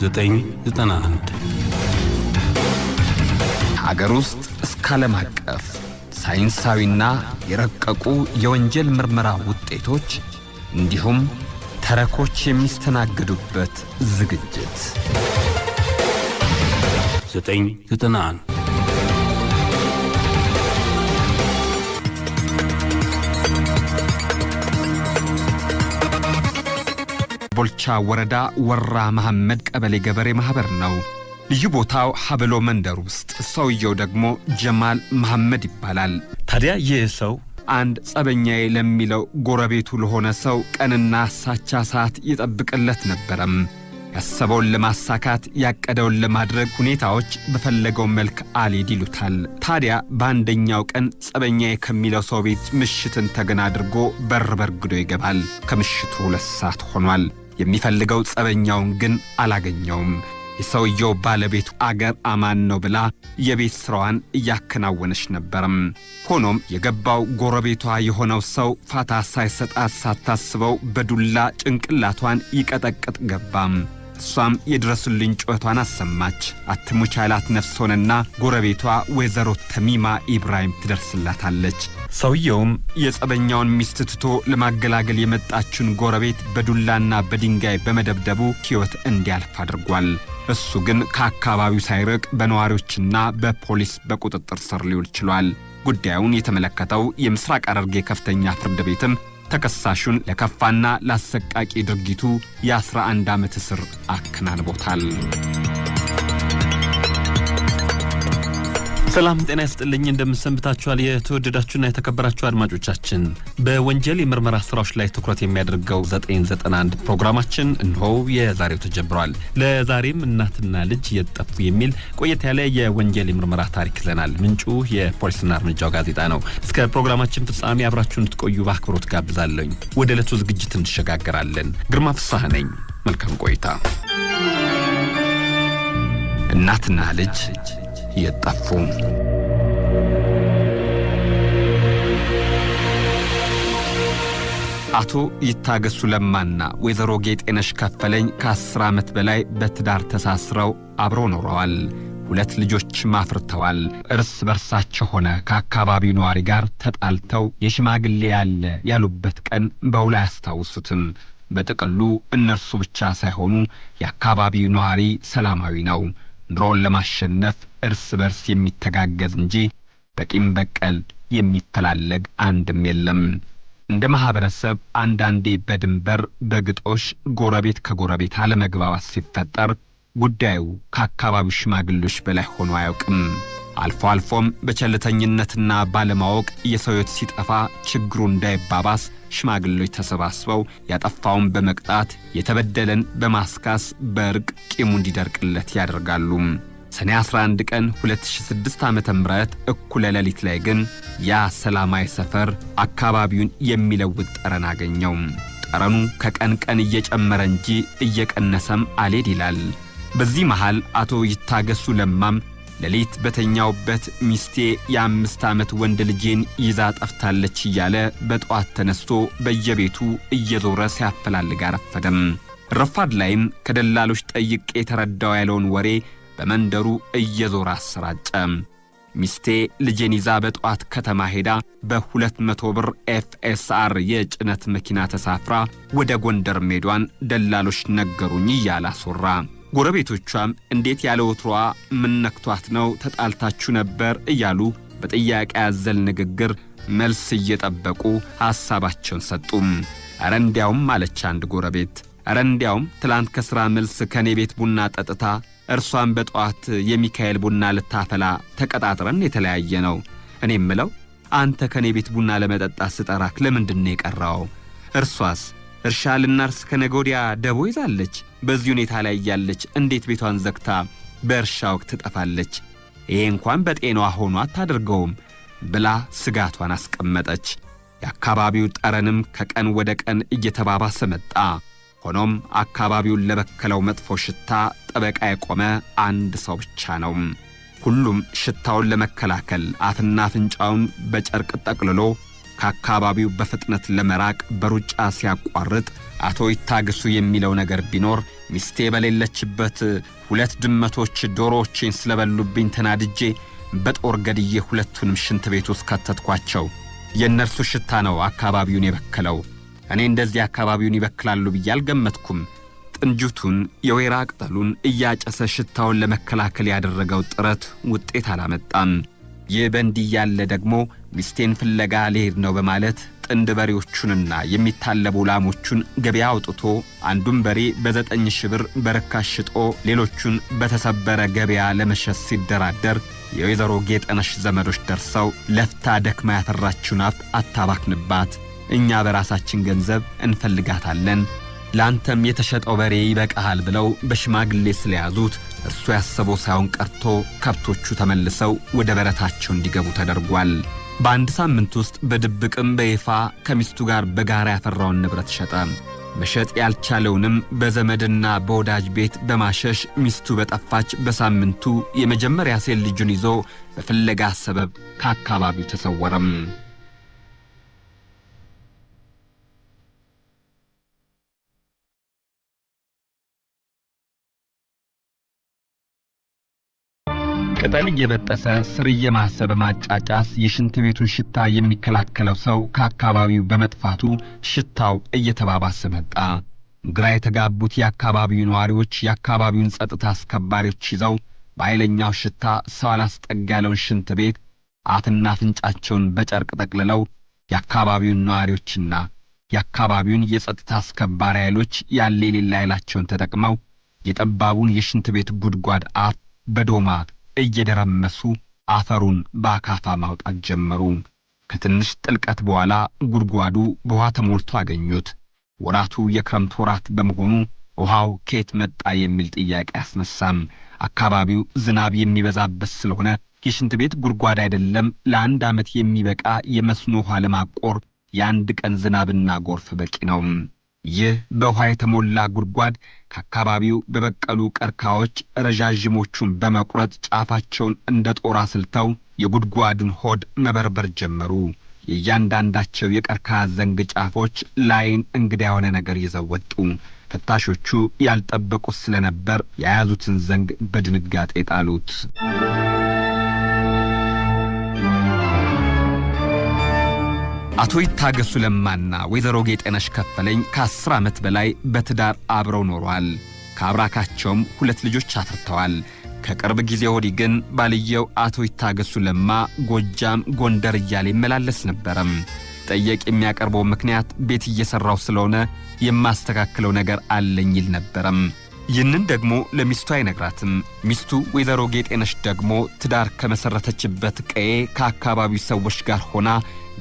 991 ከአገር ውስጥ እስከ ዓለም አቀፍ ሳይንሳዊና የረቀቁ የወንጀል ምርመራ ውጤቶች እንዲሁም ተረኮች የሚስተናግዱበት ዝግጅት 991 ቦልቻ ወረዳ ወራ መሐመድ ቀበሌ ገበሬ ማህበር ነው። ልዩ ቦታው ሀበሎ መንደር ውስጥ፣ ሰውየው ደግሞ ጀማል መሐመድ ይባላል። ታዲያ ይህ ሰው አንድ ጸበኛዬ ለሚለው ጎረቤቱ ለሆነ ሰው ቀንና ሳቻ ሰዓት ይጠብቅለት ነበረም። ያሰበውን ለማሳካት ያቀደውን ለማድረግ ሁኔታዎች በፈለገው መልክ አልሄድ ይሉታል። ታዲያ በአንደኛው ቀን ጸበኛዬ ከሚለው ሰው ቤት ምሽትን ተገን አድርጎ በር በርግዶ ይገባል። ከምሽቱ ሁለት ሰዓት ሆኗል። የሚፈልገው ጸበኛውን ግን አላገኘውም። የሰውየው ባለቤቱ አገር አማን ነው ብላ የቤት ሥራዋን እያከናወነች ነበርም። ሆኖም የገባው ጎረቤቷ የሆነው ሰው ፋታ ሳይሰጣት ሳታስበው በዱላ ጭንቅላቷን ይቀጠቅጥ ገባም። እሷም የድረሱልኝ ጩኸቷን አሰማች። አትሙች ነፍስ ነፍሶንና ጎረቤቷ ወይዘሮ ተሚማ ኢብራሂም ትደርስላታለች። ሰውየውም የጸበኛውን ሚስት ትቶ ለማገላገል የመጣችውን ጎረቤት በዱላና በድንጋይ በመደብደቡ ሕይወት እንዲያልፍ አድርጓል። እሱ ግን ከአካባቢው ሳይርቅ በነዋሪዎችና በፖሊስ በቁጥጥር ስር ሊውል ችሏል። ጉዳዩን የተመለከተው የምስራቅ ሐረርጌ ከፍተኛ ፍርድ ቤትም ተከሳሹን ለከፋና ላሰቃቂ ድርጊቱ የ11 ዓመት እስር አከናንቦታል። ሰላም ጤና ይስጥልኝ። እንደምንሰንብታችኋል? የተወደዳችሁና የተከበራችሁ አድማጮቻችን በወንጀል የምርመራ ስራዎች ላይ ትኩረት የሚያደርገው 991 ፕሮግራማችን እንሆ የዛሬው ተጀምሯል። ለዛሬም እናትና ልጅ የጠፉ የሚል ቆየት ያለ የወንጀል የምርመራ ታሪክ ይዘናል። ምንጩ የፖሊስና እርምጃው ጋዜጣ ነው። እስከ ፕሮግራማችን ፍጻሜ አብራችሁ እንድትቆዩ በአክብሮት ጋብዛለኝ። ወደ ዕለቱ ዝግጅት እንሸጋገራለን። ግርማ ፍሳህ ነኝ። መልካም ቆይታ። እናትና ልጅ የጠፉ አቶ ይታገሱ ለማና ወይዘሮ ጌጤነሽ ከፈለኝ ከአስር ዓመት በላይ በትዳር ተሳስረው አብረው ኖረዋል። ሁለት ልጆችም አፍርተዋል። እርስ በርሳቸው ሆነ ከአካባቢው ነዋሪ ጋር ተጣልተው የሽማግሌ ያለ ያሉበት ቀን በውላ አያስታውሱትም። በጥቅሉ እነርሱ ብቻ ሳይሆኑ የአካባቢው ነዋሪ ሰላማዊ ነው። ድሮን ለማሸነፍ እርስ በርስ የሚተጋገዝ እንጂ በቂም በቀል የሚፈላለግ አንድም የለም። እንደ ማህበረሰብ አንዳንዴ በድንበር በግጦሽ ጎረቤት ከጎረቤት አለመግባባት ሲፈጠር ጉዳዩ ከአካባቢው ሽማግሌዎች በላይ ሆኖ አያውቅም። አልፎ አልፎም በቸልተኝነትና ባለማወቅ የሰው ሕይወት ሲጠፋ ችግሩ እንዳይባባስ ሽማግሌዎች ተሰባስበው ያጠፋውን በመቅጣት የተበደለን በማስካስ በእርቅ ቂሙ እንዲደርቅለት ያደርጋሉ። ሰኔ 11 ቀን 2006 ም እኩለ ሌሊት ላይ ግን ያ ሰላማዊ ሰፈር አካባቢውን የሚለውጥ ጠረን አገኘው። ጠረኑ ከቀን ቀን እየጨመረ እንጂ እየቀነሰም አልሄድ ይላል። በዚህ መሃል አቶ ይታገሱ ለማም ሌሊት በተኛውበት ሚስቴ የአምስት ዓመት ወንድ ልጄን ይዛ ጠፍታለች እያለ በጠዋት ተነስቶ በየቤቱ እየዞረ ሲያፈላልግ አረፈደም። ረፋድ ላይም ከደላሎች ጠይቄ የተረዳው ያለውን ወሬ በመንደሩ እየዞረ አሰራጨ። ሚስቴ ልጄን ይዛ በጠዋት ከተማ ሄዳ በሁለት መቶ ብር ኤፍኤስአር የጭነት መኪና ተሳፍራ ወደ ጎንደር ሜዷን ደላሎች ነገሩኝ እያለ አሶራ። ጎረቤቶቿም እንዴት ያለ ወትሯ ምነክቷት ነው ተጣልታችሁ ነበር እያሉ በጥያቄ ያዘል ንግግር መልስ እየጠበቁ ሐሳባቸውን ሰጡም። ኧረ እንዲያውም አለች አንድ ጎረቤት፣ ኧረ እንዲያውም ትላንት ከሥራ መልስ ከእኔ ቤት ቡና ጠጥታ እርሷን በጠዋት የሚካኤል ቡና ልታፈላ ተቀጣጥረን የተለያየ ነው። እኔ ምለው አንተ ከእኔ ቤት ቡና ለመጠጣት ስጠራክ ለምንድን ነው የቀራው? እርሷስ እርሻ ልናርስ ከነገ ወዲያ ደቦ ይዛለች በዚህ ሁኔታ ላይ እያለች እንዴት ቤቷን ዘግታ በእርሻ ወቅት ትጠፋለች? ይሄ እንኳን በጤናዋ ሆኖ አታደርገውም ብላ ስጋቷን አስቀመጠች። የአካባቢው ጠረንም ከቀን ወደ ቀን እየተባባሰ መጣ። ሆኖም አካባቢውን ለበከለው መጥፎ ሽታ ጠበቃ የቆመ አንድ ሰው ብቻ ነው። ሁሉም ሽታውን ለመከላከል አፍና አፍንጫውን በጨርቅ ጠቅልሎ ከአካባቢው በፍጥነት ለመራቅ በሩጫ ሲያቋርጥ አቶ ይታግሱ የሚለው ነገር ቢኖር ሚስቴ በሌለችበት ሁለት ድመቶች ዶሮዎችን ስለበሉብኝ ተናድጄ በጦር ገድዬ ሁለቱንም ሽንት ቤት ውስጥ ከተትኳቸው። የእነርሱ ሽታ ነው አካባቢውን የበከለው። እኔ እንደዚህ አካባቢውን ይበክላሉ ብዬ አልገመትኩም። ጥንጅቱን፣ የወይራ ቅጠሉን እያጨሰ ሽታውን ለመከላከል ያደረገው ጥረት ውጤት አላመጣም። ይህ በእንዲህ ያለ ደግሞ ሚስቴን ፍለጋ ልሄድ ነው በማለት ጥንድ በሬዎቹንና የሚታለቡ ላሞቹን ገበያ አውጥቶ አንዱን በሬ በዘጠኝ ሺህ ብር በርካሽ ሽጦ ሌሎቹን በተሰበረ ገበያ ለመሸጥ ሲደራደር የወይዘሮ ጌጠነሽ ዘመዶች ደርሰው ለፍታ ደክማ ያፈራችውን ሀብት አታባክንባት፣ እኛ በራሳችን ገንዘብ እንፈልጋታለን፣ ለአንተም የተሸጠው በሬ ይበቃሃል ብለው በሽማግሌ ስለያዙት እርሱ ያሰበው ሳይሆን ቀርቶ ከብቶቹ ተመልሰው ወደ በረታቸው እንዲገቡ ተደርጓል። በአንድ ሳምንት ውስጥ በድብቅም በይፋ ከሚስቱ ጋር በጋራ ያፈራውን ንብረት ሸጠ። መሸጥ ያልቻለውንም በዘመድና በወዳጅ ቤት በማሸሽ ሚስቱ በጠፋች በሳምንቱ የመጀመሪያ ሴት ልጁን ይዞ በፍለጋ ሰበብ ከአካባቢው ተሰወረም። ቅጠል እየበጠሰ ስር እየማሰበ ማጫጫስ የሽንት ቤቱን ሽታ የሚከላከለው ሰው ከአካባቢው በመጥፋቱ ሽታው እየተባባሰ መጣ። ግራ የተጋቡት የአካባቢው ነዋሪዎች የአካባቢውን ጸጥታ አስከባሪዎች ይዘው በኃይለኛው ሽታ ሰው አላስጠጋ ያለውን ሽንት ቤት አትና አፍንጫቸውን በጨርቅ ጠቅልለው የአካባቢውን ነዋሪዎችና የአካባቢውን የጸጥታ አስከባሪ ኃይሎች ያለ የሌላ ኃይላቸውን ተጠቅመው የጠባቡን የሽንት ቤት ጉድጓድ አፍ በዶማ እየደረመሱ አፈሩን በአካፋ ማውጣት ጀመሩ። ከትንሽ ጥልቀት በኋላ ጉድጓዱ በውሃ ተሞልቶ አገኙት። ወራቱ የክረምት ወራት በመሆኑ ውሃው ከየት መጣ የሚል ጥያቄ አስነሳም። አካባቢው ዝናብ የሚበዛበት ስለሆነ የሽንት ቤት ጉድጓድ አይደለም፣ ለአንድ ዓመት የሚበቃ የመስኖ ውሃ ለማቆር የአንድ ቀን ዝናብና ጎርፍ በቂ ነው። ይህ በውኃ የተሞላ ጉድጓድ ከአካባቢው በበቀሉ ቀርካዎች ረዣዥሞቹን በመቁረጥ ጫፋቸውን እንደ ጦር አስልተው የጉድጓዱን ሆድ መበርበር ጀመሩ። የእያንዳንዳቸው የቀርካ ዘንግ ጫፎች ላይን እንግዳ የሆነ ነገር ይዘው ወጡ። ፈታሾቹ ያልጠበቁት ስለነበር የያዙትን ዘንግ በድንጋጤ ጣሉት። አቶ ይታገሱ ለማና ወይዘሮ ጌጤነሽ ከፈለኝ ከአስር ዓመት በላይ በትዳር አብረው ኖሯል። ከአብራካቸውም ሁለት ልጆች አትርተዋል። ከቅርብ ጊዜ ወዲህ ግን ባልየው አቶ ይታገሱ ለማ ጎጃም፣ ጎንደር እያለ ይመላለስ ነበረም። ጠየቅ የሚያቀርበው ምክንያት ቤት እየሠራው ስለሆነ የማስተካክለው ነገር አለኝ ይል ነበረም። ይህንን ደግሞ ለሚስቱ አይነግራትም። ሚስቱ ወይዘሮ ጌጤነሽ ደግሞ ትዳር ከመሰረተችበት ቀዬ ከአካባቢው ሰዎች ጋር ሆና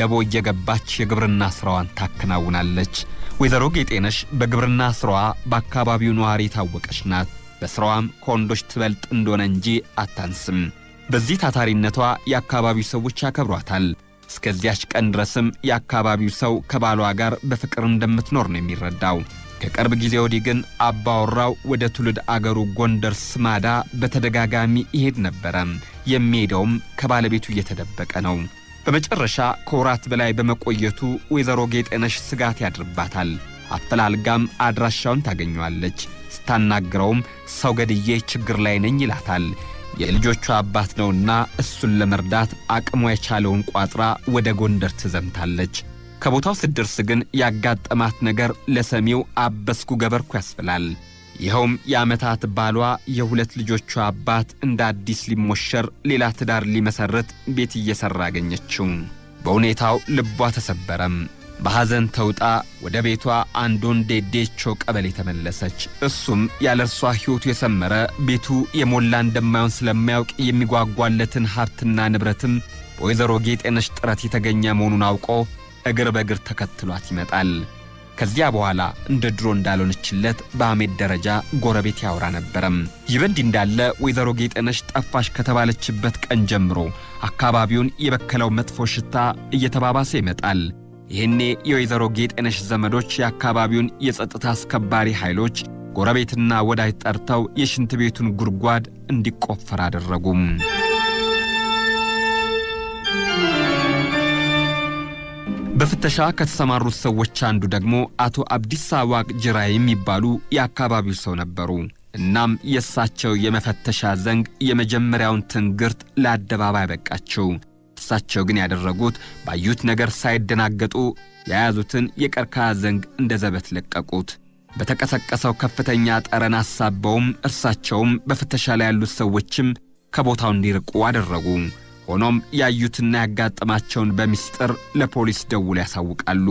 ደቦ እየገባች የግብርና ስራዋን ታከናውናለች። ወይዘሮ ጌጤነሽ በግብርና ስራዋ በአካባቢው ነዋሪ የታወቀች ናት። በስራዋም ከወንዶች ትበልጥ እንደሆነ እንጂ አታንስም። በዚህ ታታሪነቷ የአካባቢው ሰዎች ያከብሯታል። እስከዚያች ቀን ድረስም የአካባቢው ሰው ከባሏ ጋር በፍቅር እንደምትኖር ነው የሚረዳው። ከቅርብ ጊዜ ወዲህ ግን አባወራው ወደ ትውልድ አገሩ ጎንደር ስማዳ በተደጋጋሚ ይሄድ ነበረ። የሚሄደውም ከባለቤቱ እየተደበቀ ነው። በመጨረሻ ከወራት በላይ በመቆየቱ ወይዘሮ ጌጤነሽ ስጋት ያድርባታል። አፈላልጋም አድራሻውን ታገኘዋለች። ስታናግረውም ሰው ገድዬ ችግር ላይ ነኝ ይላታል። የልጆቹ አባት ነውና እሱን ለመርዳት አቅሟ የቻለውን ቋጥራ ወደ ጎንደር ትዘምታለች። ከቦታው ስትደርስ ግን ያጋጠማት ነገር ለሰሚው አበስኩ ገበርኩ ያስብላል። ይኸውም የዓመታት ባሏ የሁለት ልጆቿ አባት እንደ አዲስ ሊሞሸር ሌላ ትዳር ሊመሠረት ቤት እየሠራ አገኘችው። በሁኔታው ልቧ ተሰበረም። በሐዘን ተውጣ ወደ ቤቷ አንዶን ዴዴቾ ቀበሌ ተመለሰች። እሱም ያለ እርሷ ሕይወቱ የሰመረ ቤቱ የሞላ እንደማይሆን ስለማያውቅ የሚጓጓለትን ሀብትና ንብረትም በወይዘሮ ጌጤነሽ ጥረት የተገኘ መሆኑን አውቆ እግር በእግር ተከትሏት ይመጣል። ከዚያ በኋላ እንደ ድሮ እንዳልሆነችለት በአሜድ ደረጃ ጎረቤት ያወራ ነበረም። ይህ በእንዲህ እንዳለ ወይዘሮ ጌጠነሽ ጠፋሽ ከተባለችበት ቀን ጀምሮ አካባቢውን የበከለው መጥፎ ሽታ እየተባባሰ ይመጣል። ይህኔ የወይዘሮ ጌጠነሽ ዘመዶች የአካባቢውን የጸጥታ አስከባሪ ኃይሎች ጎረቤትና ወዳጅ ጠርተው የሽንት ቤቱን ጉድጓድ እንዲቆፈር አደረጉም። በፍተሻ ከተሰማሩት ሰዎች አንዱ ደግሞ አቶ አብዲሳ ዋቅ ጅራ የሚባሉ የአካባቢው ሰው ነበሩ። እናም የእሳቸው የመፈተሻ ዘንግ የመጀመሪያውን ትንግርት ለአደባባይ በቃቸው። እሳቸው ግን ያደረጉት ባዩት ነገር ሳይደናገጡ የያዙትን የቀርከሃ ዘንግ እንደ ዘበት ለቀቁት። በተቀሰቀሰው ከፍተኛ ጠረን አሳበውም እርሳቸውም በፍተሻ ላይ ያሉት ሰዎችም ከቦታው እንዲርቁ አደረጉ። ሆኖም ያዩትና ያጋጠማቸውን በሚስጥር ለፖሊስ ደውል ያሳውቃሉ።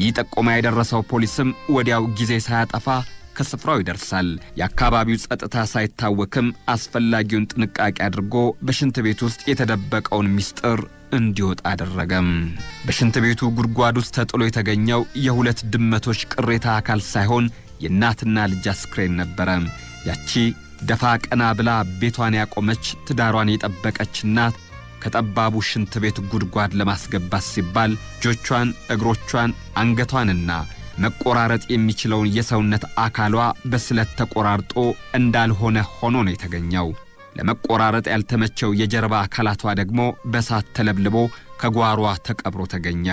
ይህ ጠቆማ የደረሰው ፖሊስም ወዲያው ጊዜ ሳያጠፋ ከስፍራው ይደርሳል። የአካባቢው ጸጥታ ሳይታወክም አስፈላጊውን ጥንቃቄ አድርጎ በሽንት ቤት ውስጥ የተደበቀውን ሚስጥር እንዲወጣ አደረገም። በሽንት ቤቱ ጉድጓድ ውስጥ ተጥሎ የተገኘው የሁለት ድመቶች ቅሬታ አካል ሳይሆን የእናትና ልጅ አስክሬን ነበረ። ያቺ ደፋ ቀና ብላ ቤቷን ያቆመች ትዳሯን የጠበቀች እናት ከጠባቡ ሽንት ቤት ጉድጓድ ለማስገባት ሲባል እጆቿን፣ እግሮቿን፣ አንገቷንና መቆራረጥ የሚችለውን የሰውነት አካሏ በስለት ተቆራርጦ እንዳልሆነ ሆኖ ነው የተገኘው። ለመቆራረጥ ያልተመቸው የጀርባ አካላቷ ደግሞ በሳት ተለብልቦ ከጓሯ ተቀብሮ ተገኘ።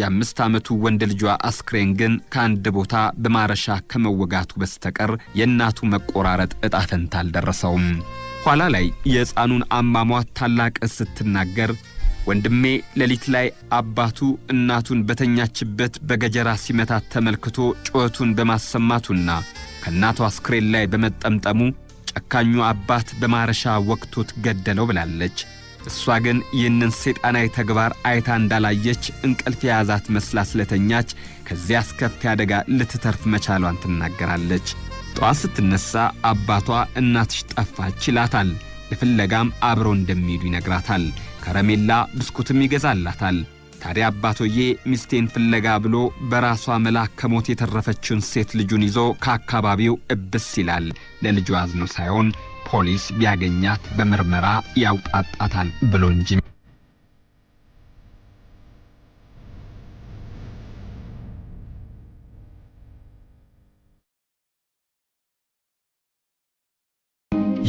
የአምስት ዓመቱ ወንድ ልጇ አስክሬን ግን ከአንድ ቦታ በማረሻ ከመወጋቱ በስተቀር የእናቱ መቆራረጥ ዕጣ ፈንታ አልደረሰውም። ኋላ ላይ የሕፃኑን አሟሟት ታላቅ ስትናገር ወንድሜ ሌሊት ላይ አባቱ እናቱን በተኛችበት በገጀራ ሲመታት ተመልክቶ ጩኸቱን በማሰማቱና ከእናቷ አስክሬን ላይ በመጠምጠሙ ጨካኙ አባት በማረሻ ወቅቶት ገደለው ብላለች። እሷ ግን ይህንን ሰይጣናዊ ተግባር አይታ እንዳላየች እንቅልፍ የያዛት መስላ ስለተኛች ከዚያ አስከፊ አደጋ ልትተርፍ መቻሏን ትናገራለች። ጠዋት ስትነሳ አባቷ እናትሽ ጠፋች ይላታል። ለፍለጋም አብረው እንደሚሄዱ ይነግራታል። ከረሜላ ብስኩትም ይገዛላታል። ታዲያ አባቶዬ ሚስቴን ፍለጋ ብሎ በራሷ መላ ከሞት የተረፈችውን ሴት ልጁን ይዞ ከአካባቢው እብስ ይላል። ለልጁ አዝኖ ሳይሆን ፖሊስ ቢያገኛት በምርመራ ያውጣጣታል ብሎ እንጂ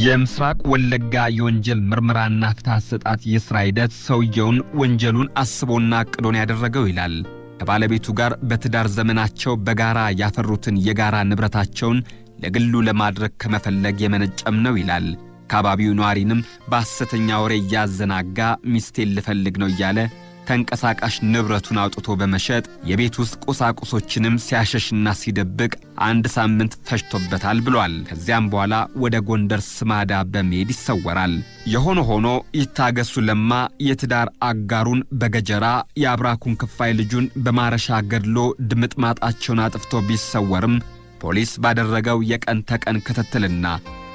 የምስራቅ ወለጋ የወንጀል ምርመራና ፍትህ አሰጣጥ የስራ ሂደት ሰውየውን ወንጀሉን አስቦና ቅዶን ያደረገው ይላል። ከባለቤቱ ጋር በትዳር ዘመናቸው በጋራ ያፈሩትን የጋራ ንብረታቸውን ለግሉ ለማድረግ ከመፈለግ የመነጨም ነው ይላል። ከአባቢው ነዋሪንም በሐሰተኛ ወሬ እያዘናጋ ሚስቴን ልፈልግ ነው እያለ ተንቀሳቃሽ ንብረቱን አውጥቶ በመሸጥ የቤት ውስጥ ቁሳቁሶችንም ሲያሸሽና ሲደብቅ አንድ ሳምንት ፈጅቶበታል ብሏል። ከዚያም በኋላ ወደ ጎንደር ስማዳ በመሄድ ይሰወራል። የሆነ ሆኖ ይታገሱ ለማ የትዳር አጋሩን በገጀራ የአብራኩን ክፋይ ልጁን በማረሻ ገድሎ ድምጥማጣቸውን አጥፍቶ ቢሰወርም ፖሊስ ባደረገው የቀን ተቀን ክትትልና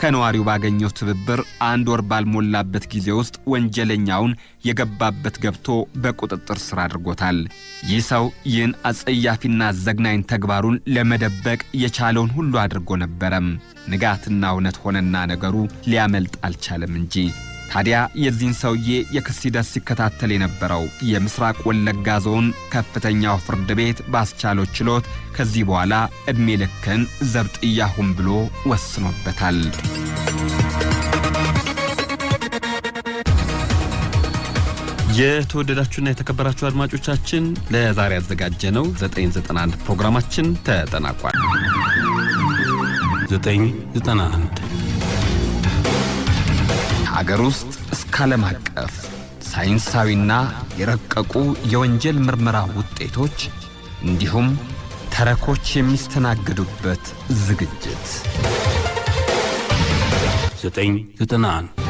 ከነዋሪው ባገኘው ትብብር አንድ ወር ባልሞላበት ጊዜ ውስጥ ወንጀለኛውን የገባበት ገብቶ በቁጥጥር ስር አድርጎታል። ይህ ሰው ይህን አጸያፊና አዘግናኝ ተግባሩን ለመደበቅ የቻለውን ሁሉ አድርጎ ነበረም። ንጋትና እውነት ሆነና ነገሩ ሊያመልጥ አልቻለም እንጂ ታዲያ የዚህን ሰውዬ የክስ ሂደት ሲከታተል የነበረው የምስራቅ ወለጋ ዞን ከፍተኛው ፍርድ ቤት ባስቻለው ችሎት ከዚህ በኋላ ዕድሜ ልክን ዘብጥ እያሁን ብሎ ወስኖበታል። የተወደዳችሁና የተከበራችሁ አድማጮቻችን ለዛሬ ያዘጋጀነው 991 ፕሮግራማችን ተጠናቋል። 991 ከአገር ውስጥ እስከ ዓለም አቀፍ ሳይንሳዊና የረቀቁ የወንጀል ምርመራ ውጤቶች እንዲሁም ተረኮች የሚስተናገዱበት ዝግጅት 991